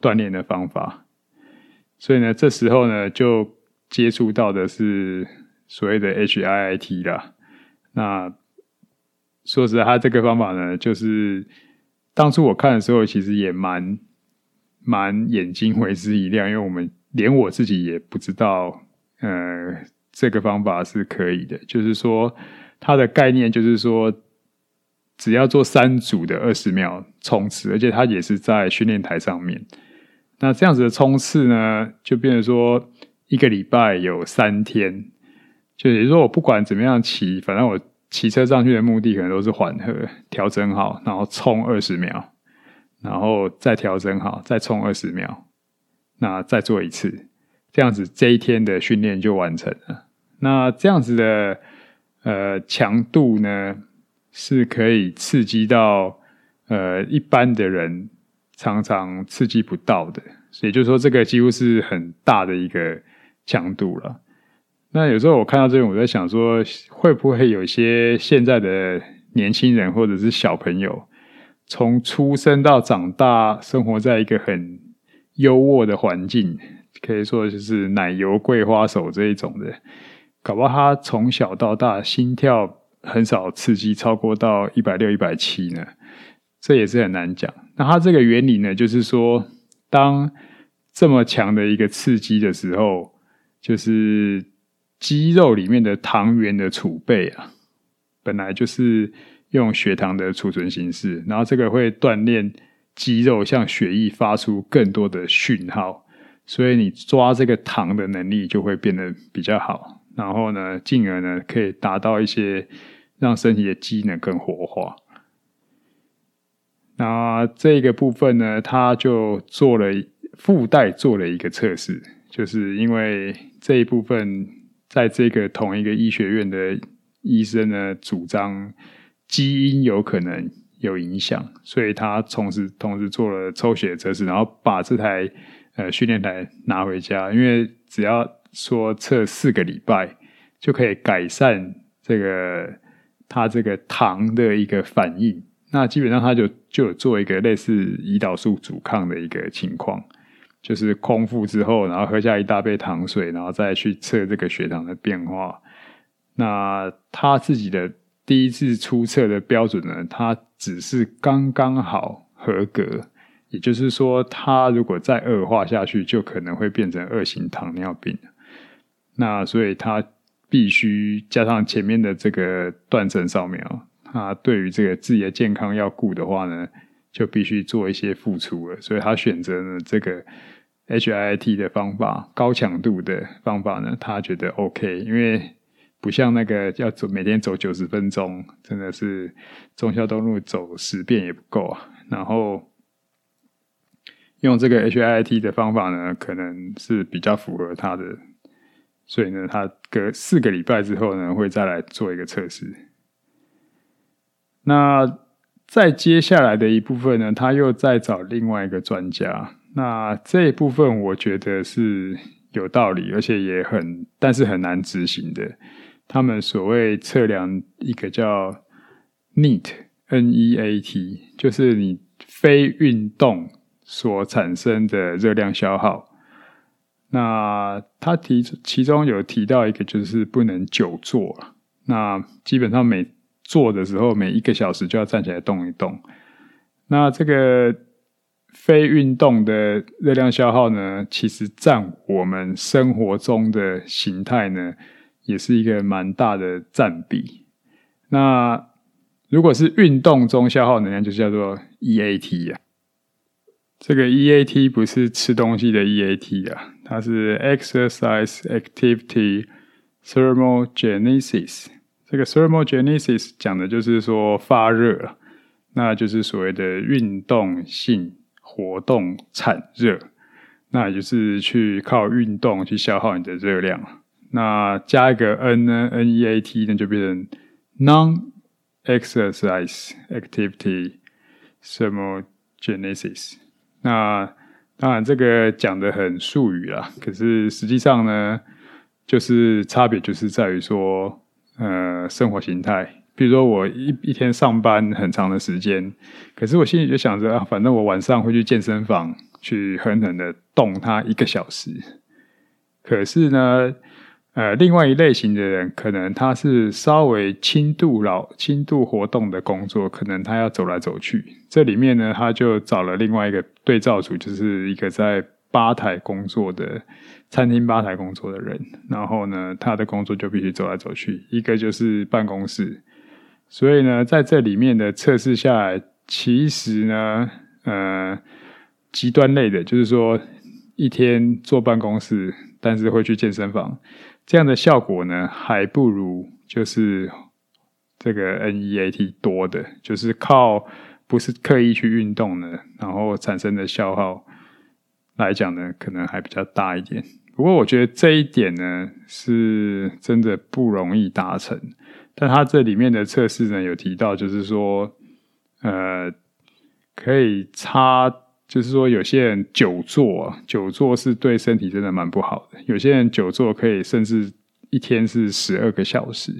鍛煉的方法。所以呢，這時候呢就接觸到的是。所謂的 HIIT 啦，那說實在，他這個方法呢，就是當初我看的時候，其實也蠻蠻眼睛為之一亮，因為我們連我自己也不知道，呃，這個方法是可以的。就是說，它的概念就是說，只要做三組的二十秒衝刺，而且它也是在訓練台上面。那這樣子的衝刺呢，就變成說一個禮拜有三天。就也就是說，我不管怎麼樣騎，反正我騎車上去的目的可能都是緩和，調整好，然後衝二十秒，然後再調整好，再衝二十秒，那再做一次，這樣子這一天的訓練就完成了。那這樣子的呃強度呢，是可以刺激到呃一般的人常常刺激不到的，所以就是說，這個幾乎是很大的一個強度了。那有時候我看到這邊，我在想說，會不會有些現在的年輕人或者是小朋友，從出生到長大，生活在一個很優渥的環境，可以說就是奶油桂花手這一種的，搞不好他從小到大心跳很少刺激超過到一百六一百七呢？這也是很難講。那他這個原理呢，就是說，當這麼強的一個刺激的時候，就是。肌肉裡面的糖原的儲備啊，本來就是用血糖的儲存形式，然後這個會鍛鍊肌肉向血液發出更多的訊號，所以你抓這個糖的能力就會變得比較好，然後呢，進而呢，可以達到一些讓身體的機能更活化。那這個部分呢，他就做了，附帶做了一個測試，就是因為這一部分，在這個同一個醫學院的醫生呢，主張基因有可能有影響，所以他同時同時做了抽血測試，然後把這台呃訓練台拿回家，因為只要說測四個禮拜就可以改善這個他這個糖的一個反應，那基本上他就就有做一個類似胰島素阻抗的一個情況。就是空腹之後，然後喝下一大杯糖水，然後再去測這個血糖的變化。那他自己的第一次初測的標準呢，他只是剛剛好合格，也就是說，他如果再惡化下去，就可能會變成二型糖尿病。那所以他必須加上前面的這個斷層掃描。他對於這個自己的健康要顧的話呢，就必須做一些付出了。所以他選擇呢這個。H I T 的方法，高強度的方法呢，他覺得 OK，因為不像那個要走每天走九十分鐘，真的是忠孝東路走十遍也不夠啊。然後用這個 H I T 的方法呢，可能是比較符合他的，所以呢，他隔四個禮拜之後呢，會再來做一個測試。那再接下來的一部分呢，他又再找另外一個專家。那這一部分我覺得是有道理，而且也很，但是很難執行的。他們所謂測量一個叫 NEAT，N-E-A-T，、e、就是你非運動所產生的熱量消耗。那他提其中有提到一個，就是不能久坐，那基本上每坐的時候，每一個小時就要站起來動一動。那這個。非運動的熱量消耗呢，其實佔我們生活中的形態呢，也是一個蠻大的佔比。那如果是運動中消耗能量，就叫做 EAT 呀啊。這個 EAT 不是吃東西的 EAT 啊，它是 Exercise Activity Thermogenesis。這個 Thermogenesis 講的就是說發熱啊，那就是所謂的運動性。活動產熱，那也就是去靠運動去消耗你的熱量。那加一個 N 呢，NEAT 那就變成 Non-exercise activity thermogenesis。那當然這個講得很術語啦，可是實際上呢，就是差別就是在於說，呃，生活形態。比如說，我一一天上班很長的時間，可是我心裡就想着啊，反正我晚上會去健身房去狠狠的動它一個小時。可是呢，呃，另外一類型的人，可能他是稍微輕度勞、輕度活動的工作，可能他要走來走去。這裡面呢，他就找了另外一個對照組，就是一個在吧台工作的餐廳吧台工作的人，然後呢，他的工作就必須走來走去。一個就是辦公室。所以呢，在這裡面的測試下來，其實呢，呃，極端類的，就是說一天坐辦公室，但是會去健身房，這樣的效果呢，還不如就是這個 NEAT 多的，就是靠不是刻意去運動呢，然後產生的消耗來講呢，可能還比較大一點。不過我覺得這一點呢，是真的不容易達成。但他這裡面的測試呢，有提到，就是說，呃，可以插，就是說，有些人久坐，久坐是對身體真的蠻不好的。有些人久坐可以甚至一天是十二個小時，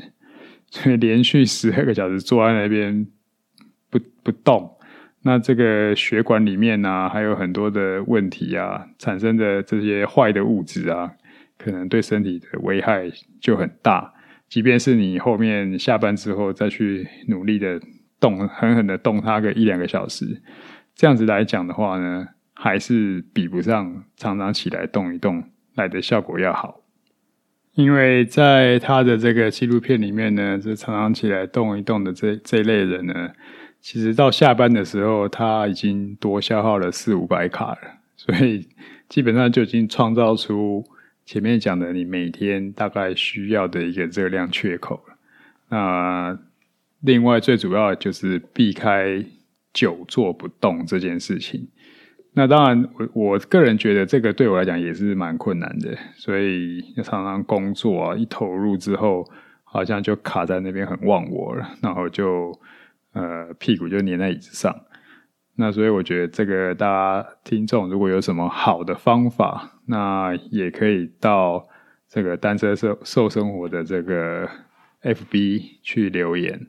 所以連續十二個小時坐在那邊不不動，那這個血管裡面呢、啊，還有很多的問題啊，產生的這些壞的物質啊，可能對身體的危害就很大。即便是你後面下班之後再去努力的動，狠狠的動它個一兩個小時，這樣子來講的話呢，還是比不上常常起來動一動來的效果要好。因為在他的這個紀錄片裡面呢，這常常起來動一動的這這類人呢，其實到下班的時候他已經多消耗了四五百卡了，所以基本上就已經創造出。前面講的，你每天大概需要的一個熱量缺口，那另外最主要就是避開久坐不動這件事情。那當然我，我我個人覺得這個對我來講也是蠻困難的。所以常常工作啊，一投入之後，好像就卡在那邊很忘我了，然後就呃屁股就粘在椅子上。那所以我覺得這個大家聽眾如果有什麼好的方法，那也可以到這個單車瘦身活的這個 FB 去留言。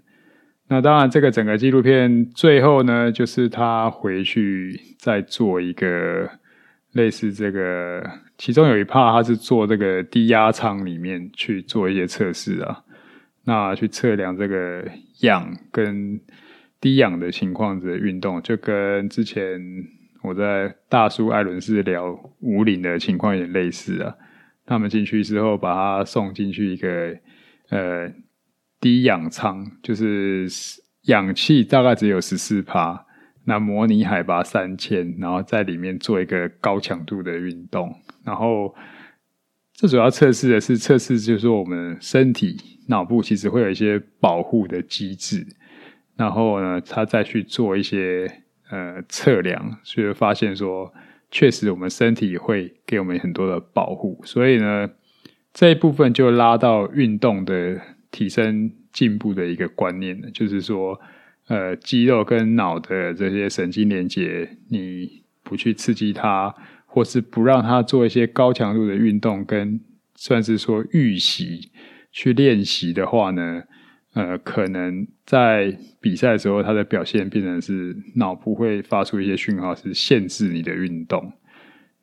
那當然，這個整個紀錄片最後呢，就是他回去再做一個類似這個，其中有一 part 他是做這個低壓艙裡面去做一些測試啊，那去測量這個氧跟。低氧的情況的運動，就跟之前我在大叔艾倫斯聊無領的情況也類似啊。他們進去之後，把他送進去一個呃低氧艙，就是氧氣大概只有十四趴，那模擬海拔三千，然後在裡面做一個高強度的運動。然後這主要測試的是測試，就是說我們身體腦部其實會有一些保護的機制。然後呢，他再去做一些呃測量，所以就發現說，確實我們身體會給我們很多的保護，所以呢，這一部分就拉到運動的提升進步的一個觀念了，就是說，呃，肌肉跟腦的這些神經連接，你不去刺激它，或是不讓它做一些高強度的運動，跟算是說預習去練習的話呢。呃，可能在比賽的時候，他的表現變成是腦部會發出一些訊號，是限制你的運動。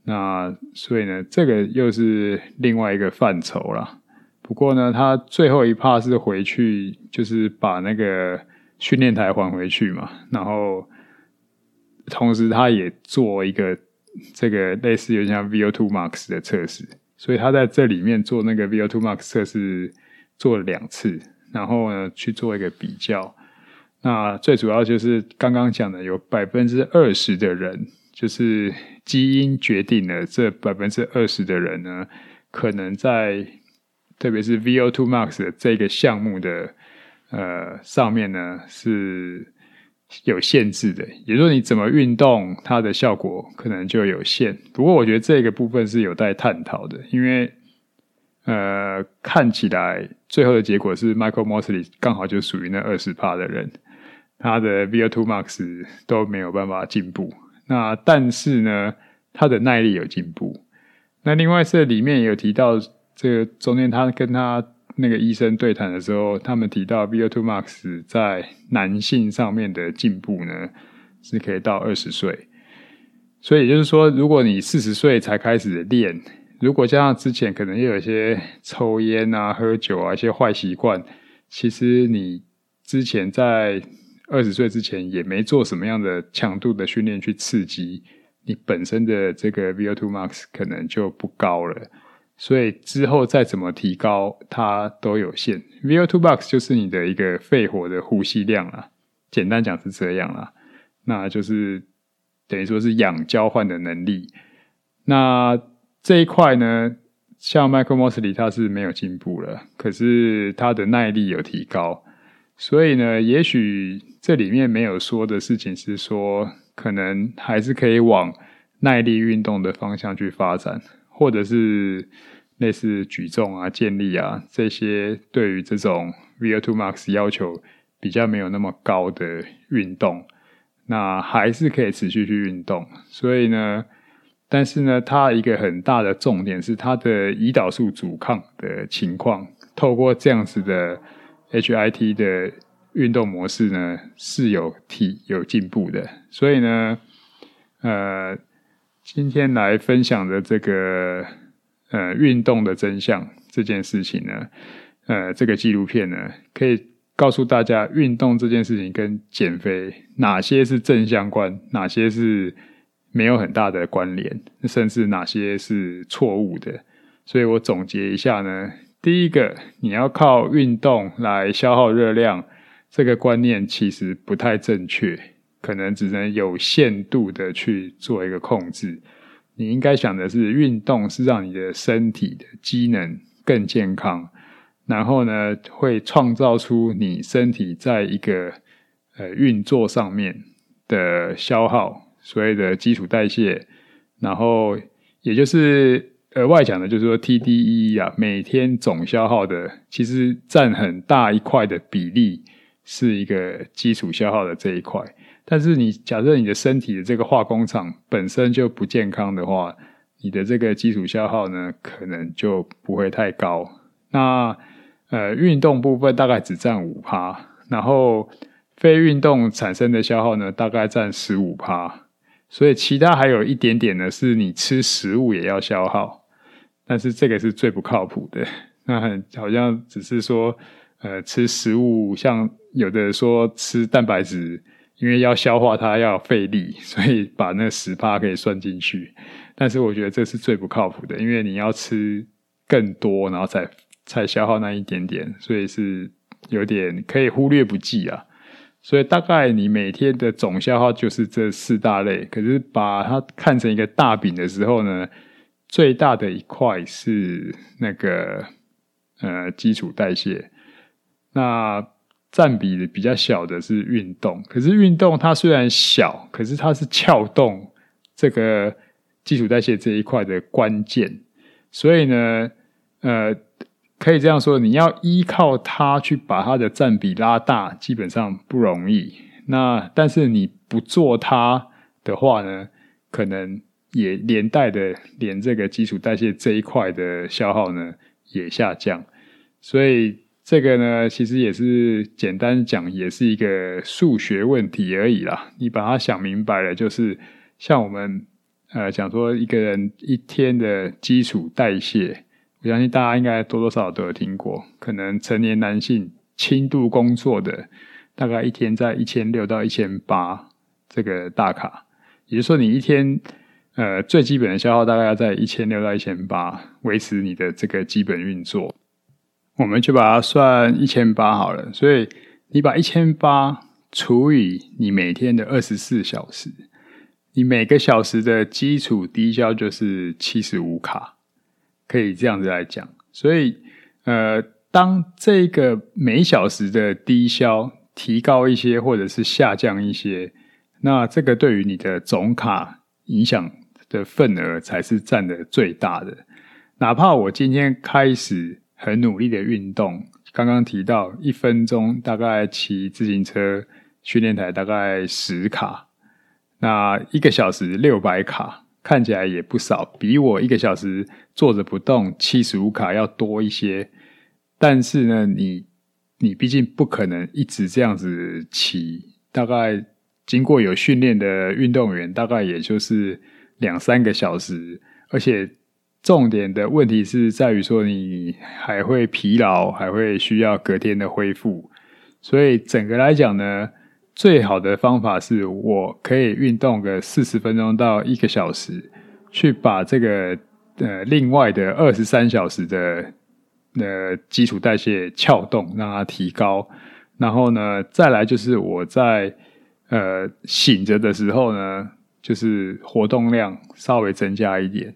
那所以呢，這個又是另外一個範疇啦。不過呢，他最後一趴是回去，就是把那個訓練台還回去嘛。然後同時他也做一個這個類似於像 VO2 Max 的測試，所以他在這裡面做那個 VO2 Max 測試做了兩次。然後呢，去做一個比較。那最主要就是剛剛講的有20，有百分之二十的人，就是基因決定了，這百分之二十的人呢，可能在特別是 VO2 max 的這個項目的呃上面呢是有限制的，也就是說你怎麼運動，它的效果可能就有限。不過我覺得這個部分是有待探討的，因為。呃，看起來最後的結果是 Michael Mosley 剛好就屬於那二十趴的人，他的 VO2 Max 都沒有辦法進步。那但是呢，他的耐力有進步。那另外這裡面也有提到，這個中間他跟他那個醫生對談的時候，他們提到 VO2 Max 在男性上面的進步呢是可以到二十歲。所以也就是說，如果你四十歲才開始練。如果加上之前可能又有一些抽菸啊、喝酒啊一些壞習慣，其實你之前在二十歲之前也沒做什麼樣的強度的訓練去刺激你本身的這個 VO two max 可能就不高了，所以之後再怎麼提高它都有限。VO two max 就是你的一個肺活的呼吸量啦，簡單講是這樣啦，那就是等於說是氧交換的能力，那。這一塊呢，像 Michael Mosley 他是沒有進步了，可是他的耐力有提高，所以呢，也許這裡面沒有說的事情是說，可能還是可以往耐力運動的方向去發展，或者是類似舉重啊、健力啊這些，對於這種 Vo2Max 要求比較沒有那麼高的運動，那還是可以持續去運動，所以呢。但是呢，它一個很大的重點是它的胰島素阻抗的情況，透過這樣子的 HIT 的運動模式呢，是有提有進步的。所以呢，呃，今天來分享的這個呃運動的真相這件事情呢，呃，這個紀錄片呢，可以告訴大家運動這件事情跟減肥哪些是正相關，哪些是。沒有很大的關聯，甚至哪些是錯誤的。所以我總結一下呢：第一個，你要靠運動來消耗熱量，這個觀念其實不太正確，可能只能有限度的去做一個控制。你應該想的是，運動是讓你的身體的機能更健康，然後呢，會創造出你身體在一個，呃，運作上面的消耗。所謂的基礎代謝，然後也就是額外講的，就是說 TDEE 啊，每天總消耗的，其實占很大一塊的比例，是一個基礎消耗的這一塊。但是你假設你的身體的這個化工廠本身就不健康的話，你的這個基礎消耗呢，可能就不會太高。那呃，運動部分大概只占五趴，然後非運動產生的消耗呢，大概占十五趴。所以，其他還有一點點呢，是你吃食物也要消耗，但是這個是最不靠譜的。那很，好像只是說，呃，吃食物，像有的說吃蛋白質，因為要消化它要費力，所以把那十趴可以算進去。但是我覺得這是最不靠譜的，因為你要吃更多，然後才才消耗那一點點，所以是有點，可以忽略不計啊。所以大概你每天的總消耗就是這四大類，可是把它看成一個大餅的時候呢，最大的一塊是那個呃基礎代謝，那占比比較小的是運動。可是運動它雖然小，可是它是撬動這個基礎代謝這一塊的關鍵。所以呢，呃。可以這樣說，你要依靠它去把它的佔比拉大，基本上不容易。那但是你不做它的話呢，可能也連帶的連這個基礎代謝這一塊的消耗呢也下降。所以這個呢，其實也是簡單講，也是一個數學問題而已啦。你把它想明白了，就是像我們呃講說一個人一天的基礎代謝。我相信大家應該多多少少都有聽過，可能成年男性輕度工作的大概一天在一千六到一千八這個大卡，也就是說你一天呃最基本的消耗大概要在一千六到一千八維持你的這個基本運作，我們就把它算一千八好了。所以你把一千八除以你每天的二十四小時，你每個小時的基礎低消就是七十五卡。可以這樣子來講，所以，呃，當這個每小時的低消提高一些，或者是下降一些，那這個對於你的總卡影響的份額才是佔的最大的。哪怕我今天開始很努力的運動，剛剛提到一分鐘大概騎自行車訓練台大概十卡，那一個小時六百卡。看起來也不少，比我一個小時坐着不動，七十五卡要多一些。但是呢，你，你畢竟不可能一直這樣子騎，大概，經過有訓練的運動員，大概也就是兩三個小時。而且，重點的問題是在於說，你還會疲勞，還會需要隔天的恢復。所以，整個來講呢，最好的方法是我可以運動個四十分鐘到一個小時，去把這個呃、另外的二十三小時的呃、基礎代謝撬動，讓它提高。然後呢，再來就是我在呃、醒着的時候呢，就是活動量稍微增加一點。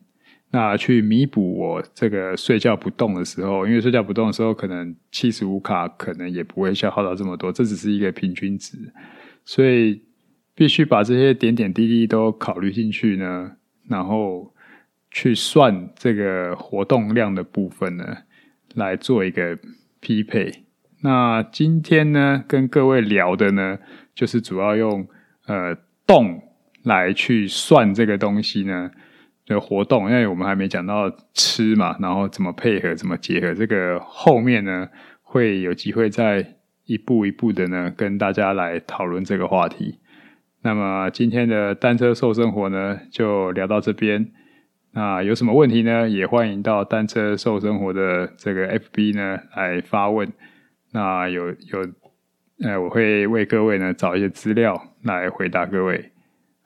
那去彌補我這個睡覺不動的時候，因為睡覺不動的時候，可能七十五卡可能也不會消耗到這麼多，這只是一個平均值，所以必須把這些點點滴滴都考慮進去呢，然後去算這個活動量的部分呢，來做一個匹配。那今天呢，跟各位聊的呢，就是主要用，呃，動來去算這個東西呢。的活動，因為我們還沒講到吃嘛，然後怎麼配合，怎麼結合，這個後面呢會有機會再一步一步的呢跟大家來討論這個話題。那麼今天的單車瘦身活呢，就聊到這邊。那有什麼問題呢？也歡迎到單車瘦身活的這個 FB 呢來發問。那有有呃，我會為各位呢找一些資料來回答各位。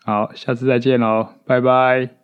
好，下次再見嘍，拜拜。